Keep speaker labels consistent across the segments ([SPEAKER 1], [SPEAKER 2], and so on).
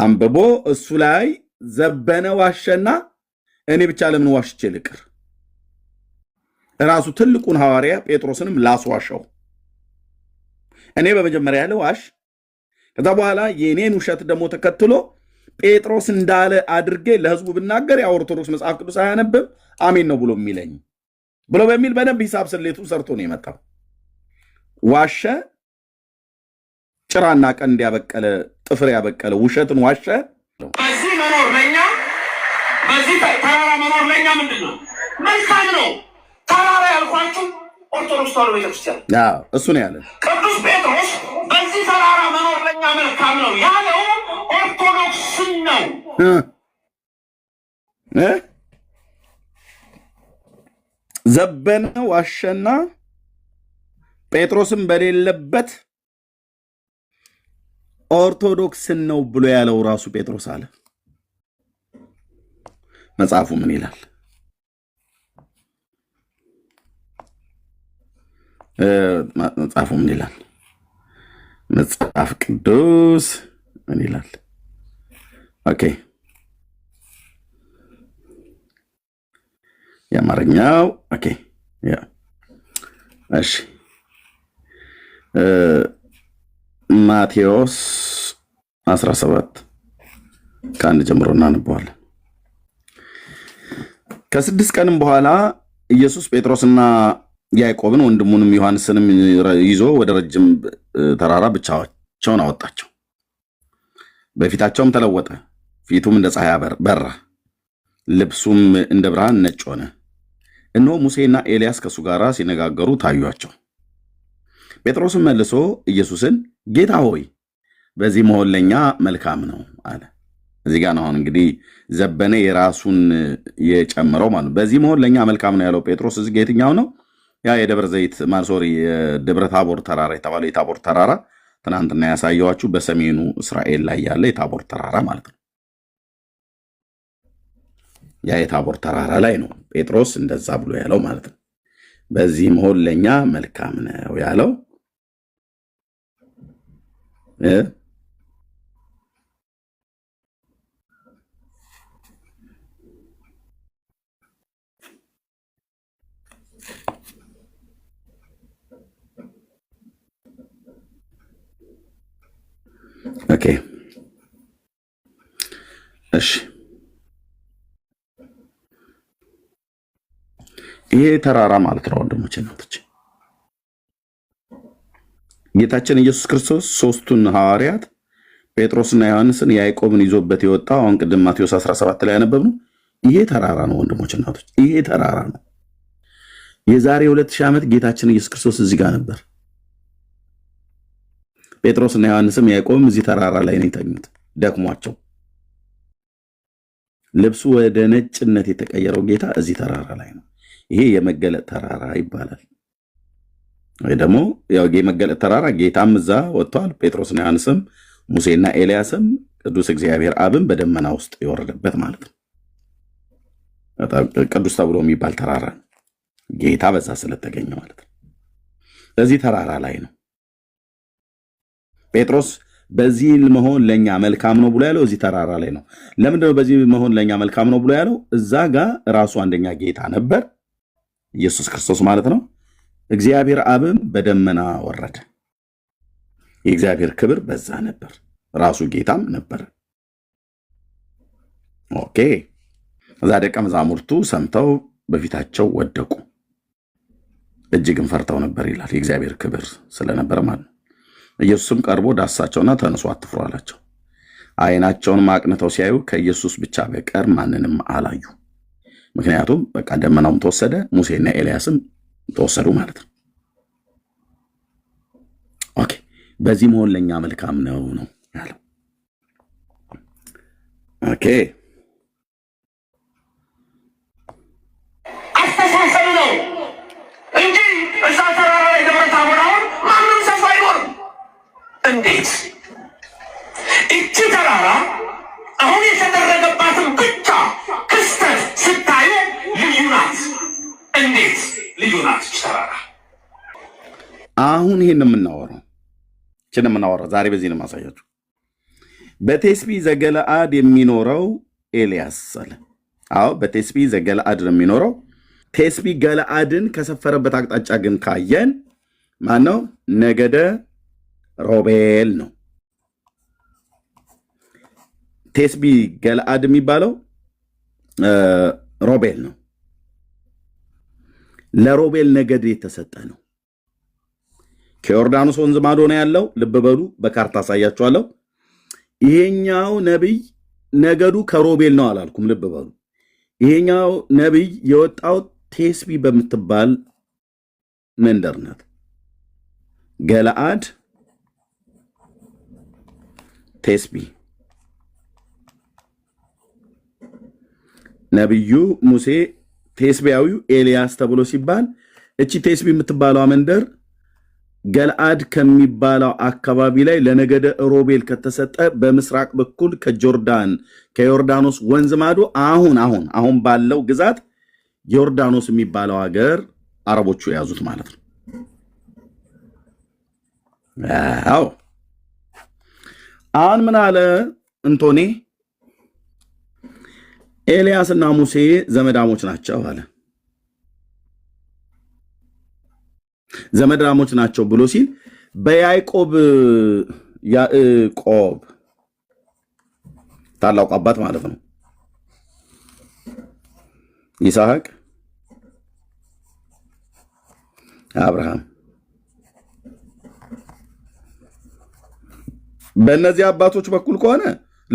[SPEAKER 1] አንብቦ እሱ ላይ ዘበነ ዋሸና እኔ ብቻ ለምን ዋሽቼ ልቅር? ራሱ ትልቁን ሐዋርያ ጴጥሮስንም ላስዋሸው። እኔ በመጀመሪያ ያለ ዋሽ፣ ከዛ በኋላ የእኔን ውሸት ደግሞ ተከትሎ ጴጥሮስ እንዳለ አድርጌ ለህዝቡ ብናገር ያ ኦርቶዶክስ መጽሐፍ ቅዱስ አያነብም አሜን ነው ብሎ የሚለኝ ብሎ በሚል በደንብ ሂሳብ ስሌቱ ሰርቶ ነው የመጣው። ዋሸ። ጭራና ቀንድ ያበቀለ ጥፍር ያበቀለ ውሸትን ዋሸ።
[SPEAKER 2] በዚህ መኖር ለኛ በዚህ ተራራ መኖር ለኛ ምንድን ነው? መልካም ነው። ተራራ ያልኳችሁ ኦርቶዶክስ ተዋህዶ
[SPEAKER 1] ቤተክርስቲያን እሱ ነው ያለን።
[SPEAKER 2] ቅዱስ ጴጥሮስ በዚህ ተራራ መኖር ለኛ መልካም ነው ያለው ኦርቶዶክስን ነው።
[SPEAKER 1] ዘበነ ዋሸና ጴጥሮስን በሌለበት ኦርቶዶክስን ነው ብሎ ያለው ራሱ ጴጥሮስ አለ። መጽሐፉ ምን ይላል? መጽሐፉ ምን ይላል? መጽሐፍ ቅዱስ ምን ይላል? ኦኬ የአማርኛው ኦኬ፣ እሺ ማቴዎስ 17 ከአንድ ጀምሮ እናንበዋለን። ከስድስት ቀንም በኋላ ኢየሱስ ጴጥሮስና ያዕቆብን ወንድሙንም ዮሐንስንም ይዞ ወደ ረጅም ተራራ ብቻቸውን አወጣቸው። በፊታቸውም ተለወጠ። ፊቱም እንደ ፀሐይ በራ፣ ልብሱም እንደ ብርሃን ነጭ ሆነ። እነሆ ሙሴና ኤልያስ ከእሱ ጋር ሲነጋገሩ ታዩአቸው። ጴጥሮስም መልሶ ኢየሱስን ጌታ ሆይ በዚህ መሆን ለእኛ መልካም ነው አለ። እዚህ ጋር አሁን እንግዲህ ዘበነ የራሱን የጨምረው ማለት በዚህ መሆን ለእኛ መልካም ነው ያለው ጴጥሮስ እዚህ ጋር የትኛው ነው? ያ የደብረ ዘይት ማሶሪ የደብረ ታቦር ተራራ የተባለው የታቦር ተራራ ትናንትና ያሳየዋችሁ በሰሜኑ እስራኤል ላይ ያለ የታቦር ተራራ ማለት ነው። ያ የታቦር ተራራ ላይ ነው ጴጥሮስ እንደዛ ብሎ ያለው ማለት ነው። በዚህ መሆን ለእኛ መልካም ነው ያለው É? ኦኬ እሺ ይሄ ተራራ ማለት ነው ወንድሞች እናቶቼ ጌታችን ኢየሱስ ክርስቶስ ሶስቱን ሐዋርያት ጴጥሮስና ዮሐንስን ያዕቆብን ይዞበት የወጣው አሁን ቅድም ማቴዎስ 17 ላይ ያነበብነው ይሄ ተራራ ነው። ወንድሞች እናቶች፣ ይሄ ተራራ ነው። የዛሬ ሁለት ሺህ ዓመት ጌታችን ኢየሱስ ክርስቶስ እዚህ ጋር ነበር። ጴጥሮስና ዮሐንስም ያዕቆብም እዚህ ተራራ ላይ ነው የተኙት ደክሟቸው። ልብሱ ወደ ነጭነት የተቀየረው ጌታ እዚህ ተራራ ላይ ነው። ይሄ የመገለጥ ተራራ ይባላል። ወይ ደግሞ የመገለጥ ተራራ ጌታም እዛ ወጥቷል። ጴጥሮስና ዮሐንስም ሙሴና ኤልያስም ቅዱስ እግዚአብሔር አብን በደመና ውስጥ የወረደበት ማለት ነው። ቅዱስ ተብሎ የሚባል ተራራ ጌታ በዛ ስለተገኘ ማለት ነው። እዚህ ተራራ ላይ ነው ጴጥሮስ በዚህ መሆን ለእኛ መልካም ነው ብሎ ያለው እዚህ ተራራ ላይ ነው። ለምንድነው በዚህ መሆን ለእኛ መልካም ነው ብሎ ያለው? እዛ ጋር ራሱ አንደኛ ጌታ ነበር ኢየሱስ ክርስቶስ ማለት ነው። እግዚአብሔር አብም በደመና ወረደ። የእግዚአብሔር ክብር በዛ ነበር፣ ራሱ ጌታም ነበር። ኦኬ። እዛ ደቀ መዛሙርቱ ሰምተው በፊታቸው ወደቁ፣ እጅግም ፈርተው ነበር ይላል። የእግዚአብሔር ክብር ስለነበር ማለት ነው። ኢየሱስም ቀርቦ ዳሳቸውና ተነሱ፣ አትፍሩ አላቸው። አይናቸውን ማቅንተው ሲያዩ ከኢየሱስ ብቻ በቀር ማንንም አላዩ። ምክንያቱም በቃ ደመናውም ተወሰደ፣ ሙሴና ኤልያስም ተወሰዱ ማለት ነው። ኦኬ በዚህ መሆን ለእኛ መልካም ነው ነው ያለው። ኦኬ ይሄን ነው የምናወራው። ይህን የምናወራው ዛሬ በዚህ ነው የማሳያችሁ። በቴስቢ ዘገለአድ የሚኖረው ኤልያስ አለ። አዎ በቴስቢ ዘገለአድ ነው የሚኖረው። ቴስቢ ገለአድን ከሰፈረበት አቅጣጫ ግን ካየን ማን ነው? ነገደ ሮቤል ነው። ቴስቢ ገለአድ የሚባለው ሮቤል ነው። ለሮቤል ነገድ የተሰጠ ነው። ከዮርዳኖስ ወንዝ ማዶ ነው ያለው። ልብ በሉ፣ በካርታ አሳያችኋለሁ። ይሄኛው ነቢይ ነገዱ ከሮቤል ነው አላልኩም። ልብ በሉ፣ ይሄኛው ነቢይ የወጣው ቴስቢ በምትባል መንደር ናት። ገለአድ ቴስቢ ነቢዩ ሙሴ ቴስቢያዊው ኤልያስ ተብሎ ሲባል እቺ ቴስቢ የምትባለዋ መንደር ገልአድ ከሚባለው አካባቢ ላይ ለነገደ ሮቤል ከተሰጠ በምስራቅ በኩል ከጆርዳን ከዮርዳኖስ ወንዝ ማዶ አሁን አሁን አሁን ባለው ግዛት ዮርዳኖስ የሚባለው ሀገር አረቦቹ የያዙት ማለት ነው። አሁን ምን አለ እንቶኔ እና ሙሴ ዘመዳሞች ናቸው አለ። ዘመድራሞች ናቸው ብሎ ሲል በያዕቆብ ያዕቆብ ታላቁ አባት ማለት ነው። ይስሐቅ፣ አብርሃም በእነዚህ አባቶች በኩል ከሆነ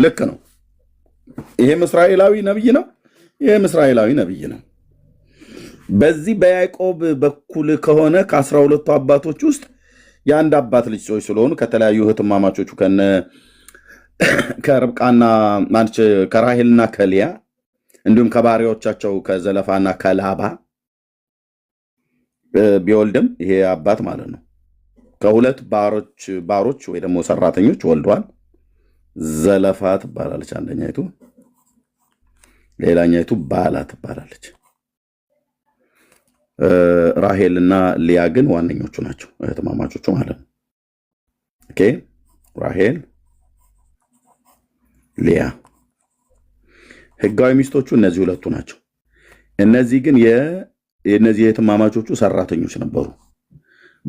[SPEAKER 1] ልክ ነው። ይሄም እስራኤላዊ ነብይ ነው። ይሄም እስራኤላዊ ነብይ ነው። በዚህ በያዕቆብ በኩል ከሆነ ከአስራ ሁለቱ አባቶች ውስጥ የአንድ አባት ልጅ ሰዎች ስለሆኑ ከተለያዩ እህትማማቾቹ ከነ ከርብቃና ከራሄልና ከሊያ እንዲሁም ከባሪያዎቻቸው ከዘለፋና ከላባ ቢወልድም ይሄ አባት ማለት ነው ከሁለት ባሮች ባሮች ወይ ደግሞ ሰራተኞች ወልዷል። ዘለፋ ትባላለች አንደኛይቱ፣ ሌላኛይቱ ባላ ትባላለች። ራሄል እና ሊያ ግን ዋነኞቹ ናቸው፣ እህትማማቾቹ ማለት ነው። ኦኬ ራሄል ሊያ ህጋዊ ሚስቶቹ እነዚህ ሁለቱ ናቸው። እነዚህ ግን የእነዚህ የእህትማማቾቹ ሰራተኞች ነበሩ።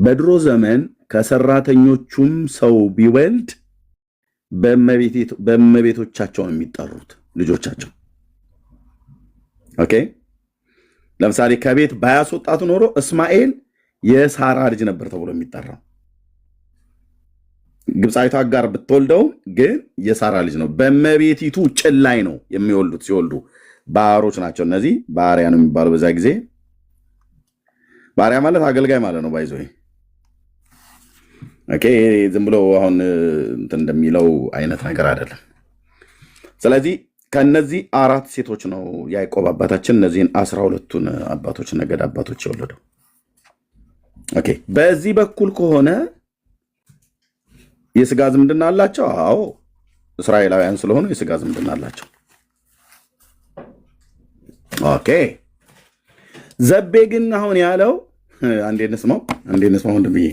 [SPEAKER 1] በድሮ ዘመን ከሰራተኞቹም ሰው ቢወልድ በእመቤቶቻቸው ነው የሚጠሩት ልጆቻቸው ኦኬ ለምሳሌ ከቤት ባያስወጣት ኖሮ እስማኤል የሳራ ልጅ ነበር ተብሎ የሚጠራው ግብፃዊቷ አጋር ብትወልደው ግን የሳራ ልጅ ነው። በመቤቲቱ ጭላይ ነው የሚወልዱት። ሲወልዱ ባህሮች ናቸው። እነዚህ ባህሪያ ነው የሚባለው። በዛ ጊዜ ባህሪያ ማለት አገልጋይ ማለት ነው። ባይዞ ዝም ብሎ አሁን እንደሚለው አይነት ነገር አይደለም። ስለዚህ ከእነዚህ አራት ሴቶች ነው ያዕቆብ አባታችን እነዚህን አስራ ሁለቱን አባቶች ነገድ አባቶች የወለደው። ኦኬ በዚህ በኩል ከሆነ የስጋ ዝምድና አላቸው። አዎ እስራኤላውያን ስለሆኑ የስጋ ዝምድና አላቸው። ኦኬ ዘቤ ግን አሁን ያለው አንዴ እንስማው፣ አንዴ እንስማው ወንድምዬ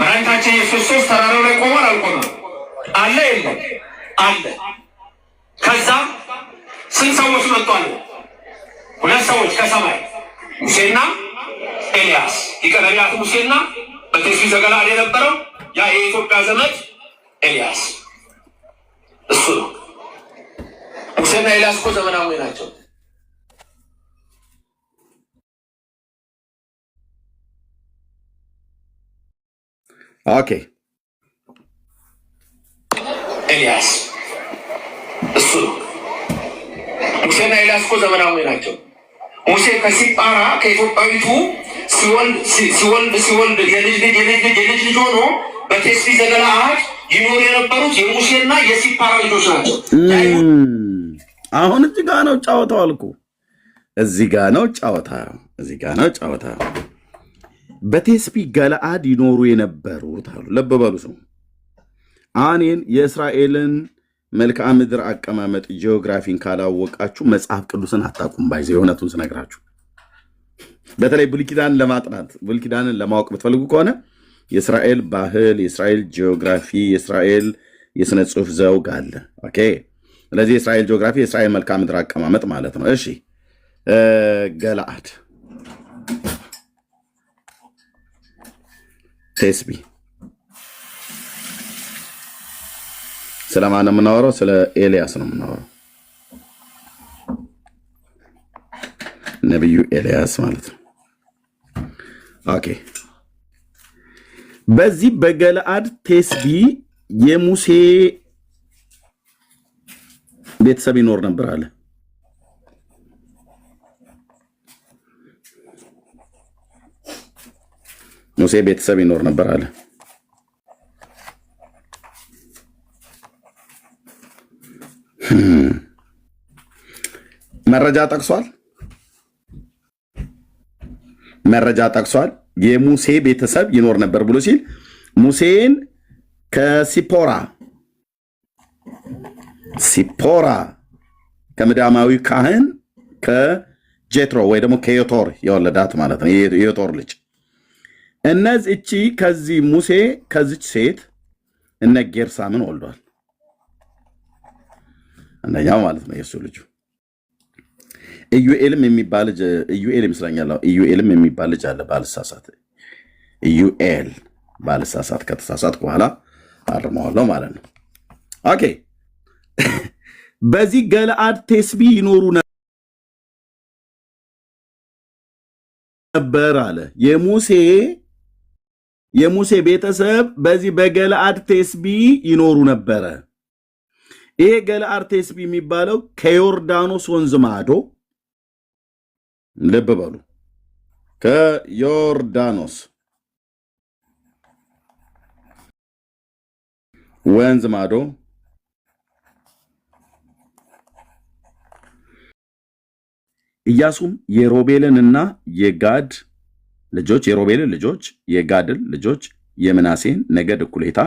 [SPEAKER 2] መድኃኒታችን ኢየሱስ ሦስት ተራራው ላይ ቆሟል አልቆመም አለ የለም አለ። ከዛም ስንት ሰዎች መጡ አሉ? ሁለት ሰዎች ከሰማይ ሙሴና ኤልያስ የቀነቢያት ሙሴና በቴስቢ ዘገላድ የነበረው ያ የኢትዮጵያ ዘመድ ኤልያስ እሱ ነው። ሙሴና ኤልያስ እኮ ዘመናዊ ናቸው። ኦኬ ኤልያስ እሱ ነው። ሙሴና ኤልያስ እኮ ዘመናዊ ናቸው። ሙሴ ከሲጳራ ከኢትዮጵያዊቱ ሲወልድ ሲወልድ የልጅ ልጅ የልጅ ልጅ የልጅ ልጅ ሆኖ በቴስፊ ዘገለዓድ ይኖሩ የነበሩት የሙሴና የሲጳራ ልጆች ናቸው። አሁን እዚህ ጋ ነው ጫወታው አልኩ። እዚህ ጋ ነው ጫወታ፣ እዚህ ጋ ነው ጫወታ። በቴስፊ ገለዓድ ይኖሩ የነበሩት አሉ። ለበበሉ ሰው አኔን የእስራኤልን መልክዓ ምድር አቀማመጥ ጂኦግራፊን ካላወቃችሁ መጽሐፍ ቅዱስን አታቁም። ባይዘ የእውነቱን ስነግራችሁ በተለይ ብሉይ ለማጥናት ብልኪዳንን ለማወቅ ብትፈልጉ ከሆነ የእስራኤል ባህል፣ የእስራኤል ጂኦግራፊ፣ የእስራኤል የስነ ጽሑፍ ዘውግ አለ። ኦኬ። ስለዚህ የእስራኤል ጂኦግራፊ የእስራኤል መልክዓ ምድር አቀማመጥ ማለት ነው። እሺ፣ ገለአድ ቴስቢ ስለ ማን ነው የምናወራው? ስለ ኤልያስ ነው የምናወራው። ነቢዩ ኤልያስ ማለት ነው። ኦኬ። በዚህ በገለአድ ቴስቢ የሙሴ ቤተሰብ ይኖር ነበር አለ። ሙሴ ቤተሰብ ይኖር ነበር አለ። መረጃ ጠቅሷል መረጃ ጠቅሷል። የሙሴ ቤተሰብ ይኖር ነበር ብሎ ሲል ሙሴን ከሲፖራ ሲፖራ ከምዳማዊ ካህን ከጄትሮ ወይ ደግሞ ከዮቶር የወለዳት ማለት ነው። የዮቶር ልጅ እነዚህ እቺ ከዚህ ሙሴ ከዚች ሴት እነ ጌርሳምን ወልዷል። አንደኛው ማለት ነው የእሱ ልጁ ኢዩኤልም የሚባል ልጅ ኢዩኤል ይመስለኛል። ኢዩኤልም የሚባል ልጅ አለ ባልሳሳት። ኢዩኤል ባልሳሳት፣ ከተሳሳት በኋላ አርመዋለሁ ማለት ነው። ኦኬ። በዚህ ገለአድ ቴስቢ ይኖሩ ነበር አለ። የሙሴ የሙሴ ቤተሰብ በዚህ በገለአድ ቴስቢ ይኖሩ ነበረ። ይሄ ገለአር የሚባለው ከዮርዳኖስ ወንዝ ማዶ ልብ በሉ፣ ከዮርዳኖስ ወንዝ ማዶ ኢያሱም የሮቤልን እና የጋድ ልጆች የሮቤልን ልጆች የጋድን ልጆች የምናሴን ነገድ እኩሌታ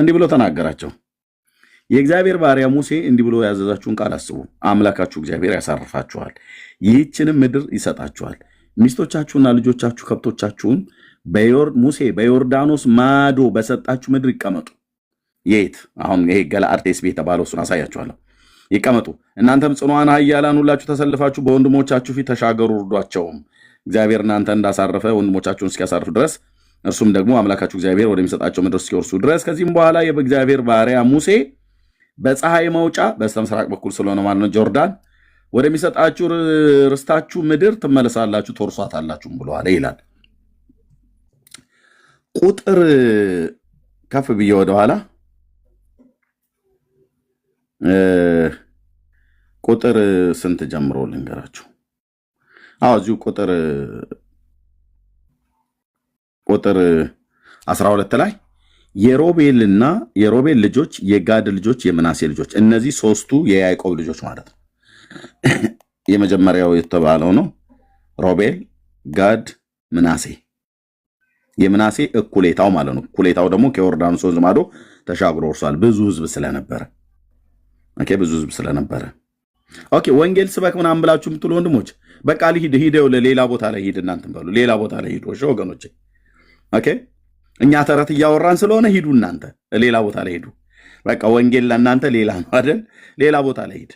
[SPEAKER 2] እንዲህ ብሎ ተናገራቸው። የእግዚአብሔር ባሪያ ሙሴ እንዲህ ብሎ ያዘዛችሁን ቃል አስቡ። አምላካችሁ እግዚአብሔር ያሳርፋችኋል፣ ይህችንም ምድር ይሰጣችኋል። ሚስቶቻችሁና ልጆቻችሁ፣ ከብቶቻችሁን ሙሴ በዮርዳኖስ ማዶ በሰጣችሁ ምድር ይቀመጡ። የት አሁን ይሄ ገለአድ ቴስቢ የተባለው እሱን አሳያችኋለሁ። ይቀመጡ። እናንተም ጽኑዓን ኃያላን ሁላችሁ ተሰልፋችሁ በወንድሞቻችሁ ፊት ተሻገሩ፣ እርዷቸውም። እግዚአብሔር እናንተ እንዳሳረፈ ወንድሞቻችሁን እስኪያሳርፍ ድረስ እርሱም ደግሞ አምላካችሁ እግዚአብሔር ወደሚሰጣቸው ምድር እስኪወርሱ ድረስ። ከዚህም በኋላ የእግዚአብሔር ባሪያ ሙሴ በፀሐይ መውጫ በስተ ምስራቅ በኩል ስለሆነ ማለት ነው ጆርዳን ወደሚሰጣችሁ ርስታችሁ ምድር ትመለሳላችሁ ትወርሷታላችሁም ብለዋል ይላል። ቁጥር ከፍ ብዬ ወደኋላ ቁጥር ስንት ጀምሮ ልንገራችሁ? አዎ እዚሁ ቁጥር ቁጥር 12 ላይ የሮቤልና የሮቤል ልጆች የጋድ ልጆች የምናሴ ልጆች እነዚህ ሶስቱ የያዕቆብ ልጆች ማለት ነው። የመጀመሪያው የተባለው ነው ሮቤል፣ ጋድ፣ ምናሴ የምናሴ እኩሌታው ማለት ነው። እኩሌታው ደግሞ ከዮርዳኖስ ወንዝ ማዶ ተሻግሮ ወርሷል። ብዙ ህዝብ ስለነበረ ኦኬ፣ ብዙ ህዝብ ስለነበረ ኦኬ። ወንጌል ስበክ ምናምን ብላችሁ የምትሉ ወንድሞች በቃ ልሂድ ሂደው ለሌላ ቦታ ላይ ሂድ እናንትን በሉ ሌላ ቦታ ላይ ሂድ ወገኖቼ ኦኬ እኛ ተረት እያወራን ስለሆነ ሂዱ እናንተ ሌላ ቦታ ላይ ሂዱ። በቃ ወንጌል ለእናንተ ሌላ ነው አይደል? ሌላ ቦታ ላይ ሂድ።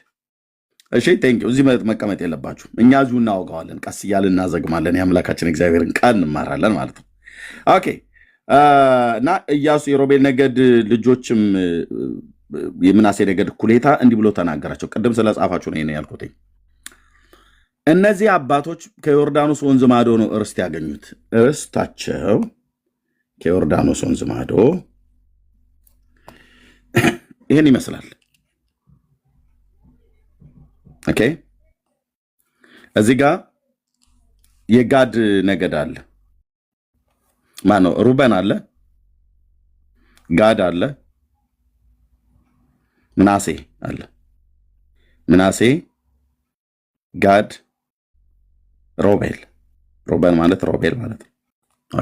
[SPEAKER 2] እሺ ቴንኪው። እዚህ መቀመጥ የለባችሁ። እኛ እዚሁ እናወጋዋለን፣ ቀስ እያልን እናዘግማለን። የአምላካችን እግዚአብሔርን ቃል እንማራለን ማለት ነው። ኦኬ እና እያሱ የሮቤል ነገድ ልጆችም የምናሴ ነገድ እኩሌታ እንዲህ ብሎ ተናገራቸው። ቅድም ስለ ጻፋችሁ ነው ያልኩትኝ። እነዚህ አባቶች ከዮርዳኖስ ወንዝ ማዶ ነው እርስት ያገኙት እርስታቸው ከዮርዳኖስ ወንዝ ማዶ ይህን ይመስላል። ኦኬ እዚህ ጋ የጋድ ነገድ አለ። ማነው? ሩበን አለ፣ ጋድ አለ፣ ምናሴ አለ። ምናሴ፣ ጋድ፣ ሮቤል። ሩበን ማለት ሮቤል ማለት ነው።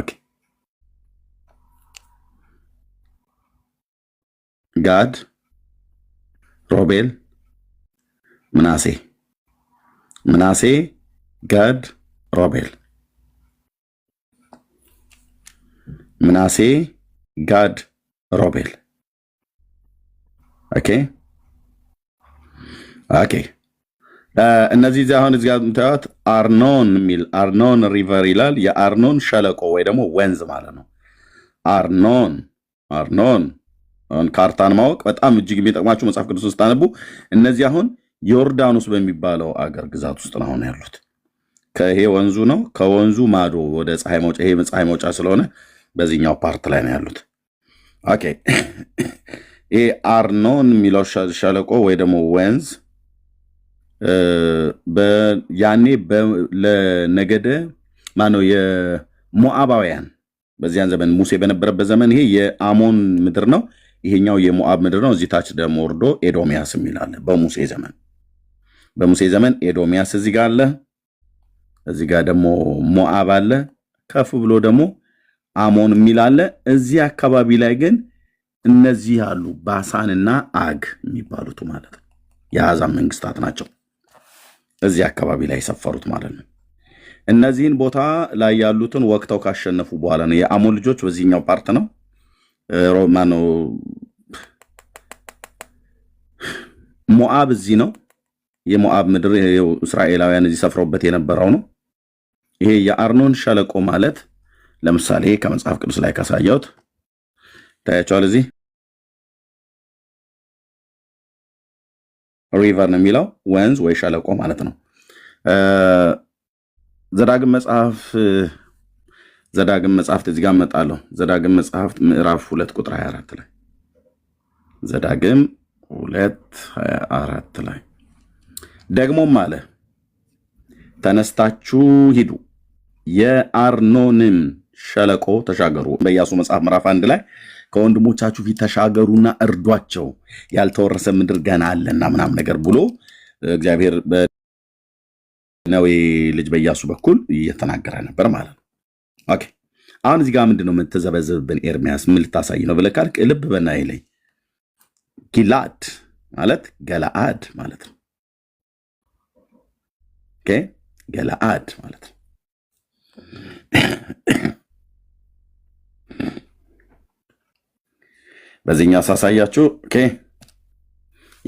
[SPEAKER 2] ኦኬ ጋድ፣ ሮቤል፣ ምናሴ ምናሴ፣ ጋድ፣ ሮቤል ምናሴ፣ ጋድ፣ ሮቤል። ኦኬ ኦኬ። እነዚህ እዚህ አሁን እዚህ ጋር የምታዩት አርኖን የሚል አርኖን ሪቨር ይላል። የአርኖን ሸለቆ ወይ ደግሞ ወንዝ ማለት ነው። አርኖን አርኖን ካርታን ማወቅ በጣም እጅግ የሚጠቅማችሁ መጽሐፍ ቅዱስን ስታነቡ እነዚህ አሁን ዮርዳኖስ በሚባለው አገር ግዛት ውስጥ ነው ያሉት። ከይሄ ወንዙ ነው። ከወንዙ ማዶ ወደ ፀሐይ መውጫ፣ ይሄ ፀሐይ መውጫ ስለሆነ በዚህኛው ፓርት ላይ ነው ያሉት። ኦኬ ይሄ አርኖን የሚለው ሸለቆ ወይ ደግሞ ወንዝ ያኔ ለነገደ ማነው የሞአባውያን በዚያን ዘመን ሙሴ በነበረበት ዘመን ይሄ የአሞን ምድር ነው። ይሄኛው የሞአብ ምድር ነው። እዚህ ታች ደግሞ ወርዶ ኤዶሚያስ የሚል አለ። በሙሴ ዘመን በሙሴ ዘመን ኤዶሚያስ እዚህ ጋር አለ። እዚህ ጋር ደግሞ ሞአብ አለ። ከፍ ብሎ ደግሞ አሞን የሚል አለ። እዚህ አካባቢ ላይ ግን እነዚህ ያሉ ባሳንና አግ የሚባሉት ማለት ነው የአሕዛብ መንግስታት ናቸው። እዚህ አካባቢ ላይ የሰፈሩት ማለት ነው። እነዚህን ቦታ ላይ ያሉትን ወቅተው ካሸነፉ በኋላ ነው የአሞን ልጆች በዚህኛው ፓርት ነው ነው። ሞአብ እዚህ ነው። የሞአብ ምድር እስራኤላውያን እዚህ ሰፍረውበት የነበረው ነው። ይሄ የአርኖን ሸለቆ ማለት ለምሳሌ ከመጽሐፍ ቅዱስ ላይ ካሳያሁት ታያቸዋል። እዚህ ሪቨር ነው የሚለው ወንዝ ወይ ሸለቆ ማለት ነው። ዘዳግም መጽሐፍ ዘዳግም መጽሐፍት እዚህ ጋር እመጣለሁ። ዘዳግም መጽሐፍት ምዕራፍ ሁለት ቁጥር 24 ላይ ዘዳግም ሁለት 24 ላይ ደግሞም አለ ተነስታችሁ ሂዱ የአርኖንን ሸለቆ ተሻገሩ። በኢያሱ መጽሐፍ ምዕራፍ አንድ ላይ ከወንድሞቻችሁ ፊት ተሻገሩና እርዷቸው ያልተወረሰ ምድር ገና አለና ምናምን ነገር ብሎ እግዚአብሔር በነዌ ልጅ በኢያሱ በኩል እየተናገረ ነበር ማለት ነው። ኦኬ አሁን እዚህ ጋር ምንድነው የምትዘበዝብብን? ኤርሚያስ ምን ልታሳይ ነው ብለህ ካልክ ልብ በና ላይ ጊላድ ማለት ገላአድ ማለት ነው። ገላአድ ማለት ነው። በዚህኛ ሳሳያችሁ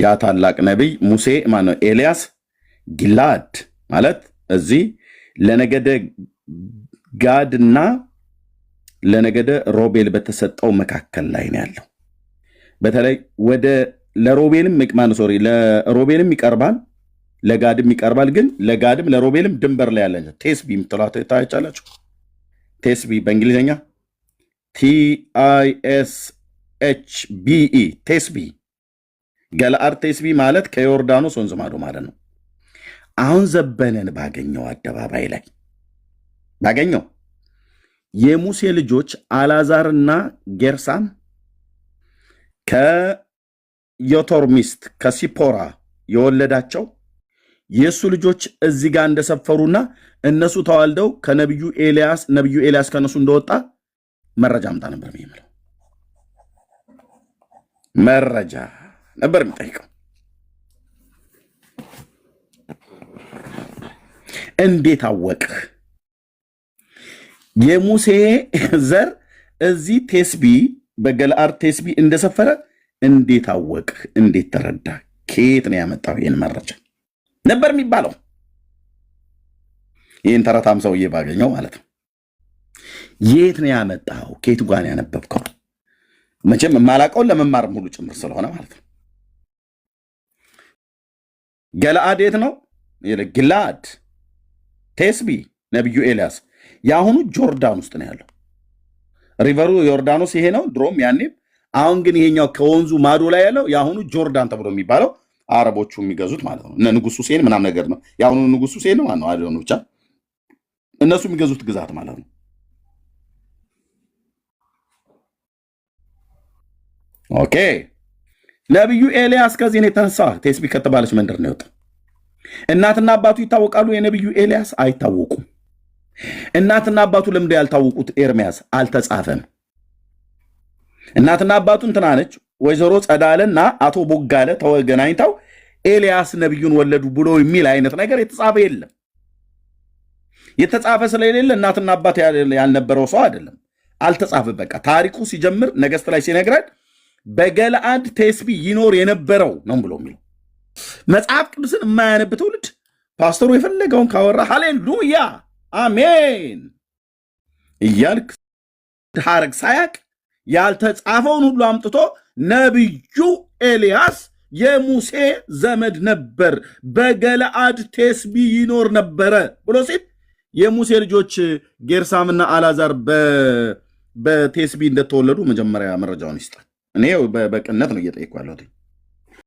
[SPEAKER 2] ያ ታላቅ ነቢይ ሙሴ ማነው? ኤልያስ ጊላድ ማለት እዚህ ለነገደ ጋድና ለነገደ ሮቤል በተሰጠው መካከል ላይ ነው ያለው። በተለይ ወደ ለሮቤልም ማን ሶሪ ለሮቤልም ይቀርባል ለጋድም ይቀርባል። ግን ለጋድም ለሮቤልም ድንበር ላይ ያለ ቴስቢ የምትሏት ታያቻላችሁ። ቴስቢ በእንግሊዝኛ ቲአይኤስኤችቢኢ ቴስቢ ገለአድ ቴስቢ ማለት ከዮርዳኖስ ወንዝ ማዶ ማለት ነው። አሁን ዘበነን ባገኘው አደባባይ ላይ ባገኘው የሙሴ ልጆች አላዛርና ጌርሳም ከዮቶር ሚስት ከሲፖራ የወለዳቸው የእሱ ልጆች እዚህ ጋር እንደሰፈሩና እነሱ ተዋልደው ከነቢዩ ኤልያስ ነቢዩ ኤልያስ ከነሱ እንደወጣ መረጃ አምጣ ነበር የሚለው መረጃ ነበር የሚጠይቀው። እንዴት አወቅህ? የሙሴ ዘር እዚህ ቴስቢ በገልአድ ቴስቢ እንደሰፈረ እንዴት አወቅህ? እንዴት ተረዳ? ከየት ነው ያመጣው ይህን መረጃ? ነበር የሚባለው ይህን ተረታም ሰውዬ ባገኘው ማለት ነው። የት ነው ያመጣው? ከየት ጓን ያነበብከው? መቼም የማላቀውን ለመማር ሙሉ ጭምር ስለሆነ ማለት ነው። ገልአድ የት ነው? ግላድ ቴስቢ ነቢዩ ኤልያስ የአሁኑ ጆርዳን ውስጥ ነው ያለው። ሪቨሩ ዮርዳኖስ ይሄ ነው ድሮም ያኔም። አሁን ግን ይሄኛው ከወንዙ ማዶ ላይ ያለው የአሁኑ ጆርዳን ተብሎ የሚባለው አረቦቹ የሚገዙት ማለት ነው። እነ ንጉሥ ሁሴን ምናም ነገር ነው የአሁኑ ንጉሥ ሁሴን ነው ማነው አደሆኑ ብቻ እነሱ የሚገዙት ግዛት ማለት ነው። ኦኬ ነቢዩ ኤልያስ ከዚህ ነው የተነሳ ቴስቢ ከተባለች መንደር ነው የወጣው። እናትና አባቱ ይታወቃሉ። የነቢዩ ኤልያስ አይታወቁም። እናትና አባቱ ለምደ ያልታወቁት ኤርሚያስ አልተጻፈም። እናትና አባቱ እንትና ነች ወይዘሮ ጸዳለና አቶ ቦጋለ ተገናኝተው ኤልያስ ነቢዩን ወለዱ ብሎ የሚል አይነት ነገር የተጻፈ የለም። የተጻፈ ስለሌለ እናትና አባት ያልነበረው ሰው አይደለም። አልተጻፈ። በቃ ታሪኩ ሲጀምር ነገስት ላይ ሲነግረን በገለአድ ቴስቢ ይኖር የነበረው ነው ብሎ የሚለው መጽሐፍ ቅዱስን የማያነብ ትውልድ ፓስተሩ የፈለገውን ካወራ ሃሌሉያ አሜን እያልክ ሐረግ ሳያቅ ያልተጻፈውን ሁሉ አምጥቶ ነቢዩ ኤልያስ የሙሴ ዘመድ ነበር፣ በገለአድ ቴስቢ ይኖር ነበረ ብሎ ሲል የሙሴ ልጆች ጌርሳምና አላዛር በቴስቢ እንደተወለዱ መጀመሪያ መረጃውን ይስጣል። እኔ በቅነት ነው እየጠየቅኩ ያለሁት።